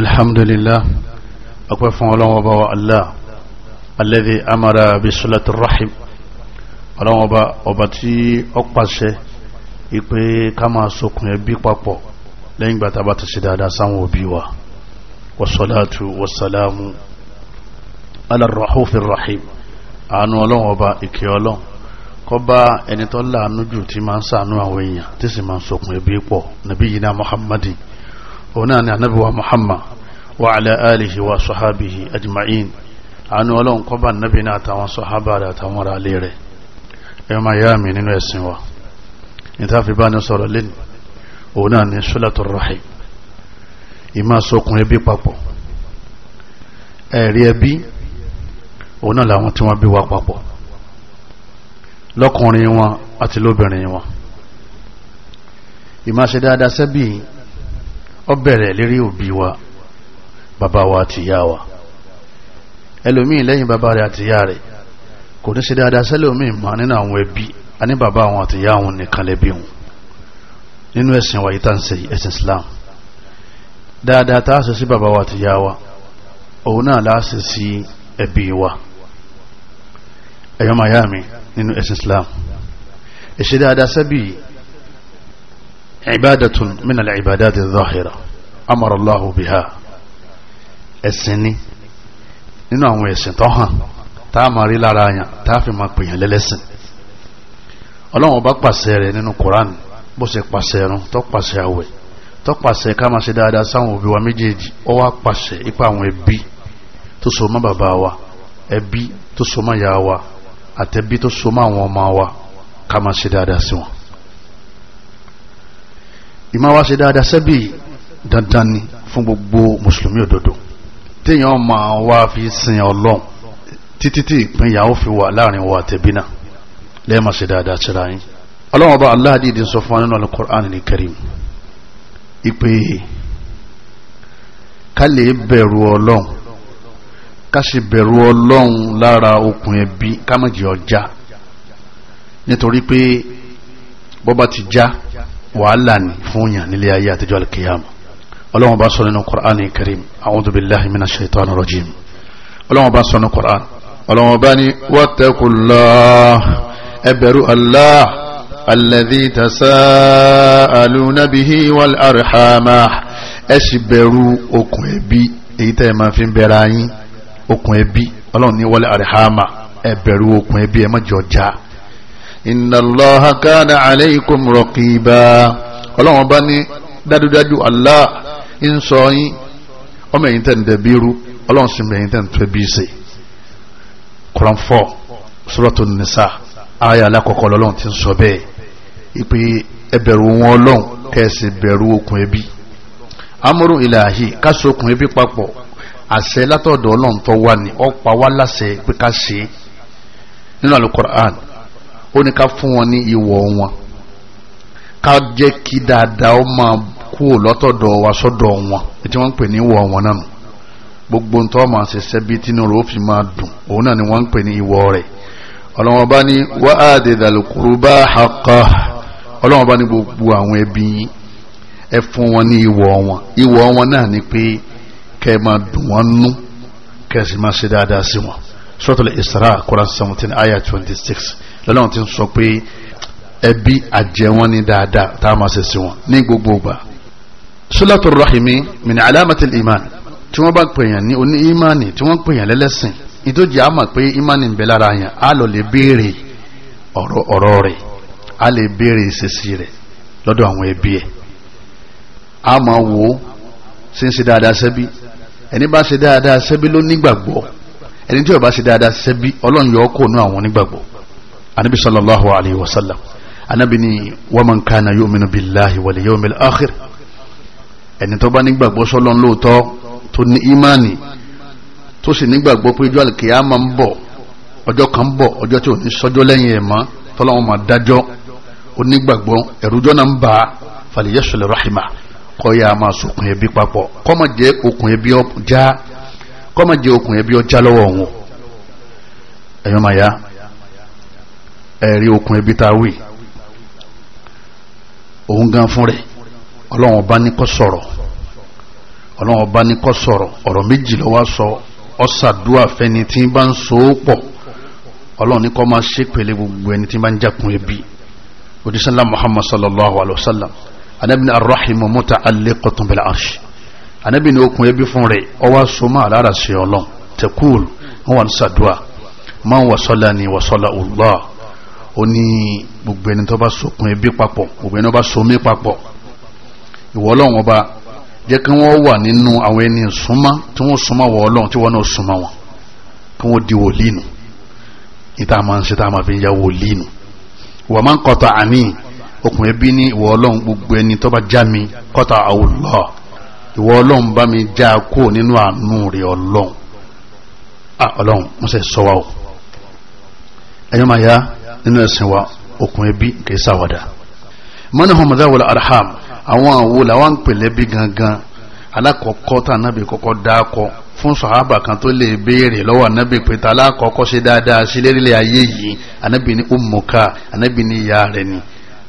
alhamdulillah akwai fún ọlọ́wọ́ bá wa allah alladhi amara bi sulati rahim ọlọ́wọ́ bá ọba tí ó pàṣẹ ipe ká máa sokùn ẹbí papọ̀ lẹ́yìn gbàtà bá ti ṣe dáadáa sáwọn òbí wa wasalatu wasalamu alarrahufin rahim àánú ọlọ́wọ́ bá ìkẹ́ ọlọ́wọ́ kọ́ bá ẹni tó láàánú tí máa ń ṣàánú àwọn èèyàn tí sì máa ń ẹbí pọ̀ nàbí yìí náà muhammadin òun náà ni ànábì wa Muhammad wa ala alihi wa sahabihi ajma'in àánú ọlọ́run kọ́bà nábì náà àtàwọn sahaba rẹ̀ àtàwọn ará ilé rẹ̀ ẹ ma yá mi nínú ẹ̀sìn wa níta fi bá ní sọ̀rọ̀ lẹ́nu òun náà ni sulatul rahim ìmá sokùn ẹbí papọ̀ ẹ̀rí ẹbí òun làwọn tí wọ́n bí wa papọ̀ lọ́kùnrin wọn àti lóbìnrin wọn ìmá ṣe dáadáa sẹ́bí ó bẹ̀rẹ̀ lérí òbí wa bàbá wa àti ìyá wa ẹlòmíì lẹ́yìn bàbá rẹ̀ àti ìyá rẹ̀ kò ní ṣe dáadáa sẹ́lòmíì mọ́ nínú àwọn ẹbí a ní bàbá àwọn àti ìyá àwọn nìkan lẹ́bí wọn nínú ẹ̀sìn wa yìí tá ẹ̀sìn Islam dáadáa tá a ṣe sí bàbá wa àti ìyá wa òun náà la sí ẹbí wa ẹ̀yọ́ mayami nínú ẹ̀sìn Islam ìṣe dáadáa sẹ́bí ibadatun min al-ibadati adh-dhahira amara Allahu biha ẹ̀sìn ni nínú àwọn ẹ̀sìn tó hàn tá a máa rí lára yàn tá a fi máa pèèyàn lẹ́lẹ́sìn ọlọ́run bá pàṣẹ rẹ̀ nínú koran bó ṣe pàṣẹ ẹ̀rùn tó pàṣẹ àwẹ̀ tó pàṣẹ ká máa ṣe dáadáa sáwọn òbí wa méjèèjì ó wá pàṣẹ ipa àwọn ẹbí tó so mọ́ bàbá wa ẹbí tó so mọ́ ìyá wa àtẹbí tó so mọ́ àwọn ọmọ wa ká máa ṣe dáadáa sí wọn ìmá wá ṣe dáadáa sẹ́bì dandan ni fún gbogbo mùsùlùmí òdodo téèyàn máa wá fi sin ọlọ́run títí tí ìpínyà ó fi wà láàrin wa tẹ̀bí náà lẹ́ẹ̀ma ṣe dáadáa ṣẹra yín ọlọ́run ọba aláàdì ìdí sọ fún wa nínú alukur'an ní karim ìpè ká lè bẹ̀rù ọlọ́run ká sì bẹ̀rù ọlọ́run lára okùn ẹbí ká má ọjà nítorí pé bọ́ba ti já. Ja, wàhálà ni fún yàn nílé ayé àtijọ́ alkiyama ọlọ́wọ́n bá sọ nínú Qur'an karim a'udhu billahi minash shaitani rajim ọlọ́wọ́n bá sọ nínú Qur'an ọlọ́wọ́n bá ní wattaqullah ẹ bẹ̀rù Allah alladhi tasa'aluna wal arhama ẹ bẹ̀rù okùn ẹbí èyí tẹ́ ẹ máa fi bẹ̀rẹ̀ ayín okùn ẹbí ọlọ́run ní wal arhama ẹ okùn ẹbí ẹ má jọ já inna Allaha kana alaykum raqiba ọlọ́wọ́n bá ní dájúdájú Allah ń sọ yín ọmọ ẹ̀yìn tẹ̀ ń dẹ̀bírú ọlọ́wọ́n sì mẹ̀yìn tẹ̀ ń bí ṣe Quran 4 Suratun Nisa ayé alákọ̀ọ́kọ́ lọ́lọ́run ti ń sọ bẹ́ẹ̀ ìpè ẹbẹ̀rù wọn ọlọ́run kẹ́sì bẹ̀rù okùn ẹbí amúrú ìlàhì káṣọ okùn ẹbí papọ̀ àṣẹ látọ̀dọ̀ ọlọ́run tó wà ní ọ̀pá wá láṣẹ pé ká ṣe nínú Al-Qur'an ó ní ká fún wọn ní ìwọ̀ wọn ká jẹ́ kí dáadáa ó máa kú lọ́tọ̀dọ̀ wa sọ́dọ̀ wọn tí wọ́n ń pè ní ìwọ̀ wọn gbogbo ntọ́ máa ṣẹṣẹ́ bí tinú rẹ̀ ó fi máa dùn òun náà ni wọ́n ń pè ní ìwọ̀ rẹ̀ ọlọ́wọ́n bá ní wá àdè dàlùkùrú ẹ fún wọn ní ìwọ̀ wọn ìwọ̀ wọn náà ni pé kẹ́ ẹ máa dùn wọ́n nú kẹ́ ẹ sì máa ṣe dáadáa sí wọn six lọ́lọ́run ti sọ pé ẹbí àjẹwọ́n ní dáadáa tá a máa ṣe sí wọn ní gbogbo ìgbà sulatul rahimi min alamatil iman tí wọ́n bá pèèyàn ní oní imani tí wọ́n pèèyàn lẹ́lẹ́sìn ìdójì á pé imani ń bẹ lára yẹn á lọ lè béèrè ọ̀rọ̀ rẹ̀ á lè béèrè ìṣesí rẹ̀ lọ́dọ̀ àwọn ẹbí ẹ̀ á máa wo ṣe ń ṣe dáadáa sẹ́bí ẹni bá ṣe dáadáa sẹ́bí ló nígbàgbọ́ ẹni tí ó bá ṣe dáadáa sẹ́bí ọlọ́run yọ ọ́ kò àwọn onígbàgbọ́ anabi sallallahu alayhi wa sallam anabi ni waman kana yu'minu billahi wal yawmil akhir ẹni tó bá nígbàgbọ́ sọ́lọ́n lóòótọ́ tó ní ìmánì tó sì nígbàgbọ́ pé ọjọ́ àlùkìyámà ń bọ̀ ọjọ́ kan ń bọ̀ ọjọ́ tí ò ní sọ́jọ́ lẹ́yìn ẹ̀ mọ́ tọ́lọ́wọ́n máa dájọ́ onígbàgbọ́ ẹ̀rújọ́ náà ń bá falẹ̀yẹ́sọ̀lẹ̀ rahima kọ́ya máa sokùn ẹbí papọ̀ kọ́mọ jẹ́ okùn ẹbí ọjà kọ́mọ jẹ́ okùn ẹbí ọjà lọ́wọ́ wọn ẹ̀yọ́ máa ya ẹ̀rí okùn ẹbí tá a wí òun gan fún rẹ̀ ọlọ́run ọba ní kó sọ̀rọ̀ ọlọ́run ọba ní kó sọ̀rọ̀ ọ̀rọ̀ méjì ló wá sọ ọ̀sàdúà fẹ́ni tí ń bá ń so ó pọ̀ ọlọ́run ní kó máa ṣe pẹ̀lẹ́ gbogbo ẹni tí ń bá ń jákun ẹbí odisala muhammad sallallahu alayhi wa sallam anabi ni arahimu muta ale kọtunbẹ̀lẹ̀ arṣi anabi ni okùn ẹbí fún rẹ̀ ọwá so máa lára sí ọlọ́run tẹkúl wọn wà ní sàdúà máa wà sọ́lá ni wà sọ́lá Allah ó ní gbogbo ẹni tó bá sokùn ẹbí papọ̀ gbogbo ẹni tó bá somi papọ̀ ìwọ ọlọ́run ọba jẹ́ kí wọ́n wà nínú àwọn ẹni súnmọ́ tí wọ́n súnmọ́ wọ ọlọ́run tí wọ́n náà súnmọ́ wọn kí wọ́n di wòlíì nù ìta máa ń ṣe tá a máa fi ya wòlíì nù wọ́n máa ń kọ́ta àní okùn ẹbí ní ìwọ ọlọ́run gbogbo ẹni tó bá já mi kọ́ta àwòlọ́ ìwọ ọlọ́run bá mi já kó nínú àánú rẹ ọlọ́run ah ọlọ́run mo sẹ́ sọ wa o ẹ̀yọ́ máa ya nínú ẹ̀sìn wa okùn ẹbí kìí ṣàwàdà manahum dhawul arham àwọn àwo làwọn ń pèlè bí gangan alákọ̀ọ́kọ́ tá ànábì kọ́kọ́ dákọ fún sàhábà kan tó lè béèrè lọ́wọ́ ànábì pé ta alákọ̀ọ́kọ́ ṣe dáadáa sí lérílẹ̀ ayé yìí ànábì ní ummuka ànábì ní ìyá rẹ̀ ni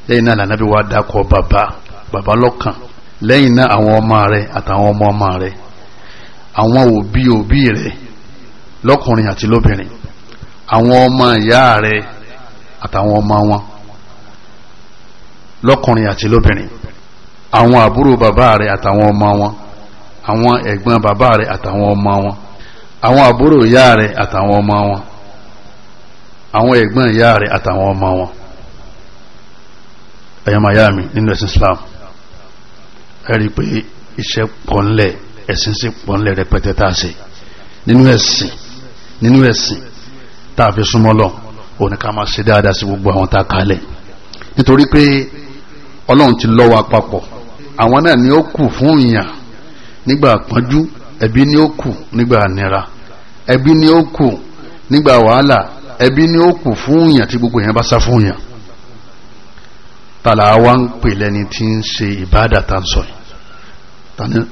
lẹ́yìn náà lànábì wá dákọ bàbá bàbá lọ́kàn lẹ́yìn náà àwọn ọmọ rẹ̀ àtàwọn ọmọ ọmọ rẹ̀ àwọn òbí òbí rẹ̀ lọ́kùnrin àti lóbìnrin àwọn ọmọ ìyá rẹ̀ àtàwọn ọmọ wọn lọ́kùnrin àti lóbìnrin àwọn àbúrò bàbá rẹ̀ àtàwọn ọmọ wọn àwọn ẹ̀gbọ́n bàbá rẹ̀ àtàwọn ọmọ wọn àwọn àbúrò ìyá rẹ̀ àtàwọn ọmọ wọn àwọn ẹ̀gbọ́n ìyá rẹ̀ àtàwọn ọmọ wọn ẹ̀yọ́ miami nínú ẹ̀sìn Islam ẹ̀rí pé iṣẹ́ pọ̀nlẹ̀ ẹ̀sìn sí pọ̀nlẹ̀ rẹpẹtẹ tá a ṣe nínú ẹ̀sìn nínú ẹ̀sìn tá a fi súnmọ́ lọ́wọ́ òun ká máa ṣe dáadáa sí gbogbo àwọn tá a kalẹ̀ nítorí pé ọlọ́run ti lọ́ wa papọ̀ àwọn náà ni ó kù fún ìyàn nígbà pọ́njú ẹbí ni ó kù nígbà nira ẹbí ni ó kù nígbà wàhálà ẹbí ni ó kù fún ìyàn tí gbogbo èèyàn bá sá fún ìyàn tàlà wa ń pè lẹ́ni tí ń ṣe ìbáàdà tá ń sọ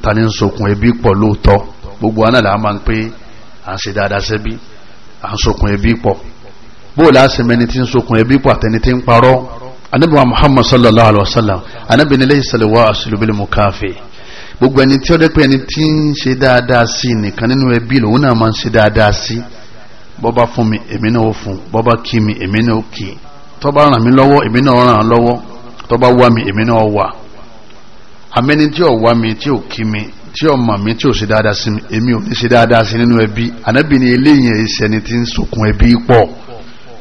ta ni ń sokùn ẹbí pọ̀ lóòótọ́ gbogbo anáàlà máa ń pé à ń ṣe dáadáa sẹ́bí à ń sokùn ẹbí pọ̀ bó láti mẹni tí ń sokùn ẹbí pọ̀ àtẹni tí ń parọ́ anabi wa muhammad sallallahu alaihi wa sallam anabi nílẹ̀ ìsàlẹ̀wá àṣìlúbílẹ̀ mu káfí gbogbo ẹni tí ó dẹ́pẹ́ ẹni tí ń ṣe dáadáa sí nìkan nínú ẹbí lòun náà máa ń ṣe dáadáa sí bọ́bá fún mi èmi náà ó fún bọ́bá kí mi èmi náà ó kí tọ́ba ràn mí lọ́wọ́ èmi náà ràn án lọ́wọ́ tọ́ba wá mi èmi náà wà amẹ́ni tí ò wá mi tí ò kí mi tí ò mọ̀ mi tí ò ṣe dáadáa sí mi èmi ò ní ṣe dáadáa sí nínú ẹbí ànábì ni eléyìí ẹ̀ṣẹ̀ ni ti ń sokùn ẹbí pọ̀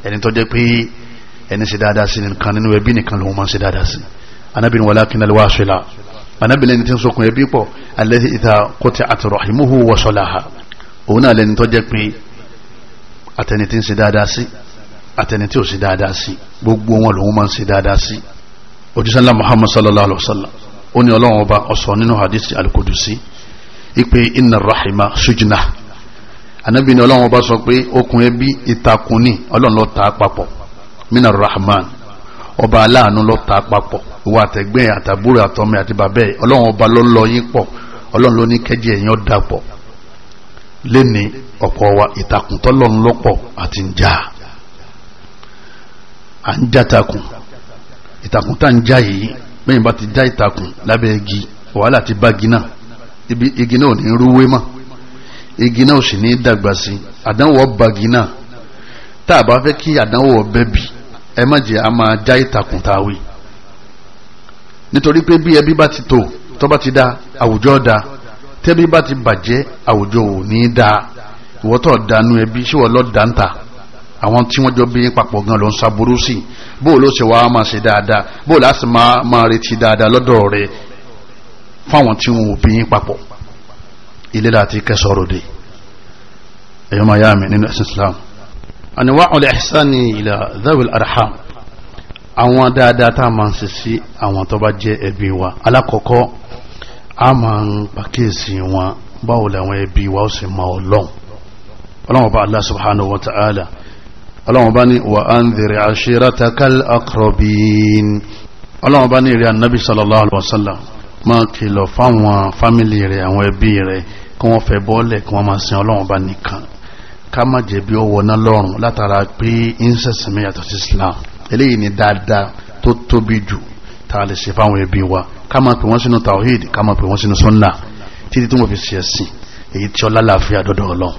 ẹni tó jẹ́ pé ẹni ṣe dáadáa sí nìkan nínú ẹbí nìkan lòun máa ń ṣe dáadáa sí anábì ní wàlá kínàlẹ́ wá ṣọlá anábì lẹni tí ń sokùn ẹbí pọ̀ alẹ́ ìta kọ́tí àtọ̀rọ̀ ìmúhù wọ ṣọlá ha òun náà lẹni tó jẹ́ pé àtẹni tí ń ṣe dáadáa sí àtẹni tí ò ṣe dáadáa sí gbogbo wọn lòun máa ṣe dáadáa sí òjísánlá muhammad sallallahu alaihi wa sallam ó ní ọlọ́run ọba ọ̀sán nínú hadith al ipe inna rahima sujna anabi ni ọlọ́run ọba sọ pé okùn ẹbí ìtàkùn ni ọlọ́run ló ta papọ̀ mina rahman ọba aláàánú ló ta papọ̀ ìwà àtẹ̀gbẹ́ àtàbúrò àtọmọ àti bàbẹ́ ọlọ́run ọba ló lọ yín pọ̀ ọlọ́run ló ní kẹ́jì ẹ̀yìn ọ̀dà pọ̀ lẹ́ni ọ̀pọ̀ wa ìtàkùn tọ́lọ́run lọ́pọ̀ àti ń jà à ń já takùn ìtàkùn tá ń já yìí bẹ́yìn bá ti já ìtàkùn lábẹ́ igi wàhálà ti bá igi náà ibi igi náà ò ní rúwé mọ́ igi náà sì ní dàgbà sí àdánwò bagi náà tá a bá fẹ́ kí àdánwò ọbẹ̀ bì ẹ má jẹ́ a máa já ìtàkùn tá a wí nítorí pé bí ẹbí bá ti tò tó bá ti da àwùjọ da tẹ́bí bá ti bàjẹ́ àwùjọ ò ní da ìwọ́tọ̀ dànù ẹbí ṣíwọ́ lọ́ọ́ dáńtà àwọn tí wọ́n jọ bí papọ̀ gan ló ń ṣàbúrú sí bóò ló ṣe wá máa ṣe dáadáa bóò láti máa retí dáadáa lọ́dọ̀ rẹ̀ fáwọn tí wọn ò bí papọ̀ ilé láti kẹsọ̀rọ̀ dé ẹ̀yọ́ máa yá mi nínú ẹ̀sìn Islam anwa'ul ihsani ila dhawil arham àwọn dáadáa tá a máa ń ṣe sí àwọn tó bá jẹ́ ẹbí wa alákọ̀ọ́kọ́ a máa ń pàkíyèsí wọn báwo làwọn ẹbí wa ó sì máa ọlọ́run ọlọ́run bá Allah subhanahu wa ta'ala ọlọ́run bá ní wa anziri ashiratakal aqrabin ọlọ́run bá ní ìrẹ́ annabi sallallahu alaihi wasallam máa kìlọ̀ fáwọn fámìlì rẹ̀ àwọn ẹbí rẹ̀ kí wọ́n fẹ́ bọ́ọ̀lẹ̀ kí wọ́n máa sin ọlọ́run bá nìkan ká má jẹ́ bí ó wọná lọ́rùn látara pé incest mi yàtọ̀ sí islam eléyìí ni dáadáa tó tóbi jù tá a lè ṣe fáwọn ẹbí wa ká máa pè wọ́n sínú tawhid ká máa pè wọ́n sínú sunna títí tí wọ́n fi ṣe ẹ̀sìn èyí tí ọlá láàfin àdọ́dọ̀ ọlọ́run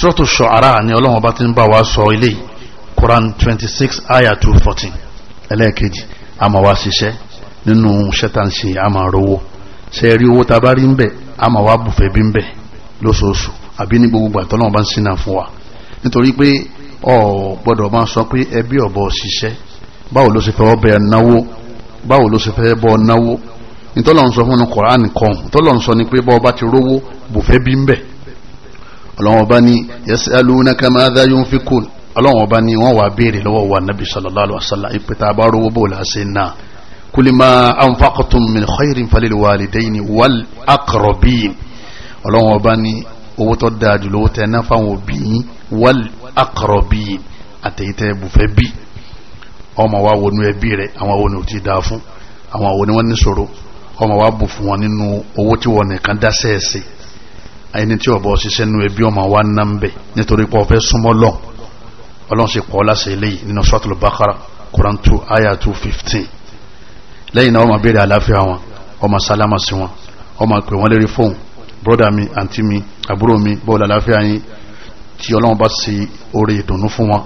sọ́tò ṣọ̀ara ni ọlọ́run bá ti ń bá wa sọ ilé quran twenty six ayah two fourteen ẹlẹ́ẹ̀kejì a máa wá ṣiṣẹ́ nínú ṣẹ́tàǹṣe a máa rówó ṣe rí owó ta bá rí ń bẹ̀ a máa wá bùfẹ́ bí ń bẹ̀ lóṣooṣù àbí ní gbogbo bá ń fún wa nítorí pé ọ gbọ́dọ̀ máa sọ pé ẹbí ọ̀bọ ṣiṣẹ́ báwo ló ṣe fẹ́ ọbẹ̀ náwó báwo ló ṣe fẹ́ bọ́ náwó nítọ́lọ́run sọ fún un kan sọ ni pé bọ́ ọba ti rówó bùfẹ́ bí ń bẹ̀ ọlọ́wọ́n bá ní yasalunaka madha yunfikun ọlọ́wọ́n bá wa kulima anfaqtum min khairin falil walidaini wal aqrabin ọlọ́run ọba ní owó tó dáa jù lówó tẹ náà fáwọn òbí yín wal aqrabin àtẹ̀yìntẹ́ bùfẹ́ bí ọmọ wa wo nu ẹbí rẹ àwọn wo ni ò ti dáa fún àwọn wo ni wọ́n ní ṣòro ọmọ wa bù fún wọn nínú owó tí wọ́n nìkan dá sẹ́ẹ̀sì ẹni tí ọ̀bọ̀ ṣiṣẹ́ nu ẹbí ọmọ wa ná ń bẹ̀ nítorí pé ọ̀fẹ́ súnmọ́ lọ́n ọlọ́run sì pọ̀ ọ́ láṣẹ eléyìí nínú suratul Baqara Quran two fifteen lẹ́yìn náà ó máa béèrè àlàáfíà wọn ó máa sálámà sí wọn ó máa pè wọ́n lérí fóun broda mi àǹtí mi àbúrò mi bọ́ọ̀lù àlàáfíà yín tí ọlọ́run bá ṣe oore ìdùnnú fún wọn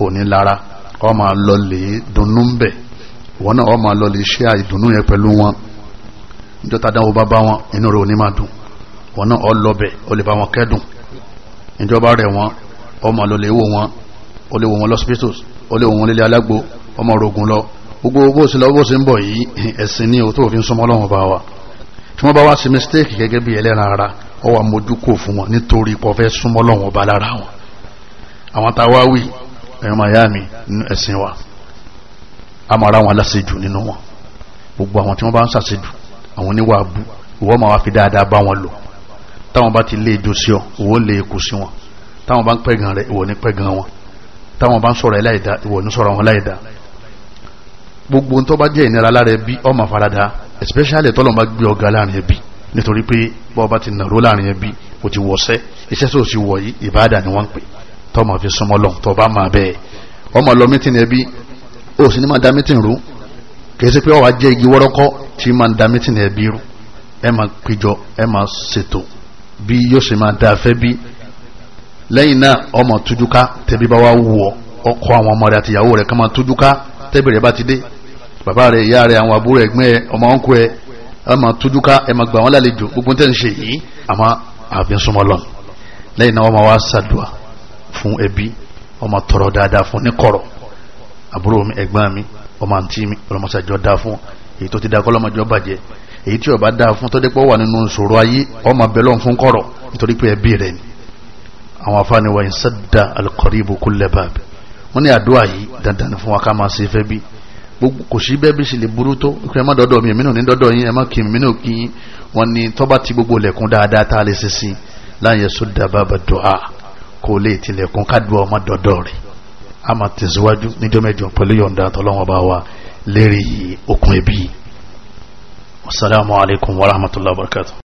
ò ní lára ó máa lọ lè dùnnú ń bẹ̀ wọn náà ó máa lọ lè ṣe àìdùnnú yẹn pẹ̀lú wọn níjọ́ tá a dánwò bá bá wọn inú rẹ̀ ò máa dùn wọn náà ó lọ bẹ̀ ó lè bá wọn kẹ́dùn níjọ́ bá rẹ̀ wọn ó gbogbo bó ṣe lọ bó ṣe ń bọ̀ yìí ẹ̀sìn ní o tó fi ń sọmọ ọlọ́run bá wa tí wọ́n bá wá sí mistake gẹ́gẹ́ bí ẹlẹ́ran ara ọ wà mójú fún wọn nítorí pọ̀ súnmọ́ ọlọ́run ọba lára wọn àwọn tá a wá wí ẹ̀yọ́ miami ẹ̀sìn wa a máa ra wọn aláṣejù nínú wọn gbogbo àwọn tí wọ́n bá ń ṣàṣejù àwọn oníwà abú ìwọ máa wá fi dáadáa bá wọn lò táwọn bá ti lé ejò sí ọ ìwọ lè kù sí wọn táwọn bá ń pẹ̀gàn rẹ ìwọ ní pẹ̀gàn wọn táwọn bá ń sọ̀rọ̀ ẹ̀ láìda ìwọ ní sọ̀rọ̀ wọn láìda gbogbo tó bá jẹ́ ìnira lára ẹbí ọmọ farada especially tọ́lọ́n bá gbé ọ̀gá láàrin ẹbí nítorí pé bọ́ bá ti nàró láàrin ẹbí kò ti wọ̀ṣẹ́ iṣẹ́ tó ti wọ̀ yìí ìbáàdà ni wọ́n ń pè tọ́ ma fi súnmọ́ lọ tọ́ bá máa bẹ́ẹ̀ ọmọ lọ mítìn ẹbí ó sì ní máa da mítìn rú kìí sí pé ọwà jẹ́ igi wọ́rọ́kọ́ tí máa da mítìn ẹbí rú ẹ máa péjọ ẹ máa ṣètò bí yóò ṣe máa da afẹ́ bí lẹ́yìn náà ọmọ tújúká tẹ́bí bá wá wù ọ ọkọ àwọn ọmọ rẹ àtìyàwó rẹ kàn máa tújúká tẹ́bí rẹ bá ti dé bàbá rẹ̀ ìyá rẹ̀ àwọn àbúrò ẹ̀gbọ́n ẹ̀ ọmọ ọ̀nkọ ẹ̀ ẹ̀ máa tójú ká ẹ̀ máa gbà wọ́n lálejò gbogbo tẹ̀ ń ṣe yìí àmọ́ àfi súnmọ́ lọ lẹ́yìn náà wọ́n máa wá ṣàdùà fún ẹbí ọmọ tọrọ dáadáa fún níkọ̀rọ̀ àbúrò mi ẹ̀gbọ́n mi ọmọ àǹtí mi ọlọmọṣàjọ dáa fún èyí tó ti dáa kọ́ lọ́mọjọ́ bàjẹ́ èyí tí ó bá dáa fún tọ́dẹ́pọ̀ wà nínú ìṣòro ayé ọmọ abẹ́lọ́n fún kọ̀rọ̀ nítorí pé ẹbí rẹ̀ ni àwọn afáàní wa ń sádà alqaribu kulla bab wọ́n àdúrà yìí dandan fún wa ká máa ṣe fẹ́ bíi kò sí bẹ́ẹ̀ bí sì lè burú tó ẹ má dọ́dọ̀ mi èmi náà ní dọ́dọ̀ yín ẹ má kí mi náà kí yín wọn ni tọ́ba ti gbogbo lẹ̀kún dáadáa tá a lè ṣe láyé sódà bàbá dùá kò lè tilẹ̀kùn kádùá ọmọ dọ́dọ̀ rẹ̀ a máa tẹ̀síwájú níjọ́ mẹ́jọ pẹ̀lú yọ̀ǹda àtọ́lọ́wọ́n bá wa lérí okùn ẹbí. wasalaamualeykum wa rahmatulah barakatu.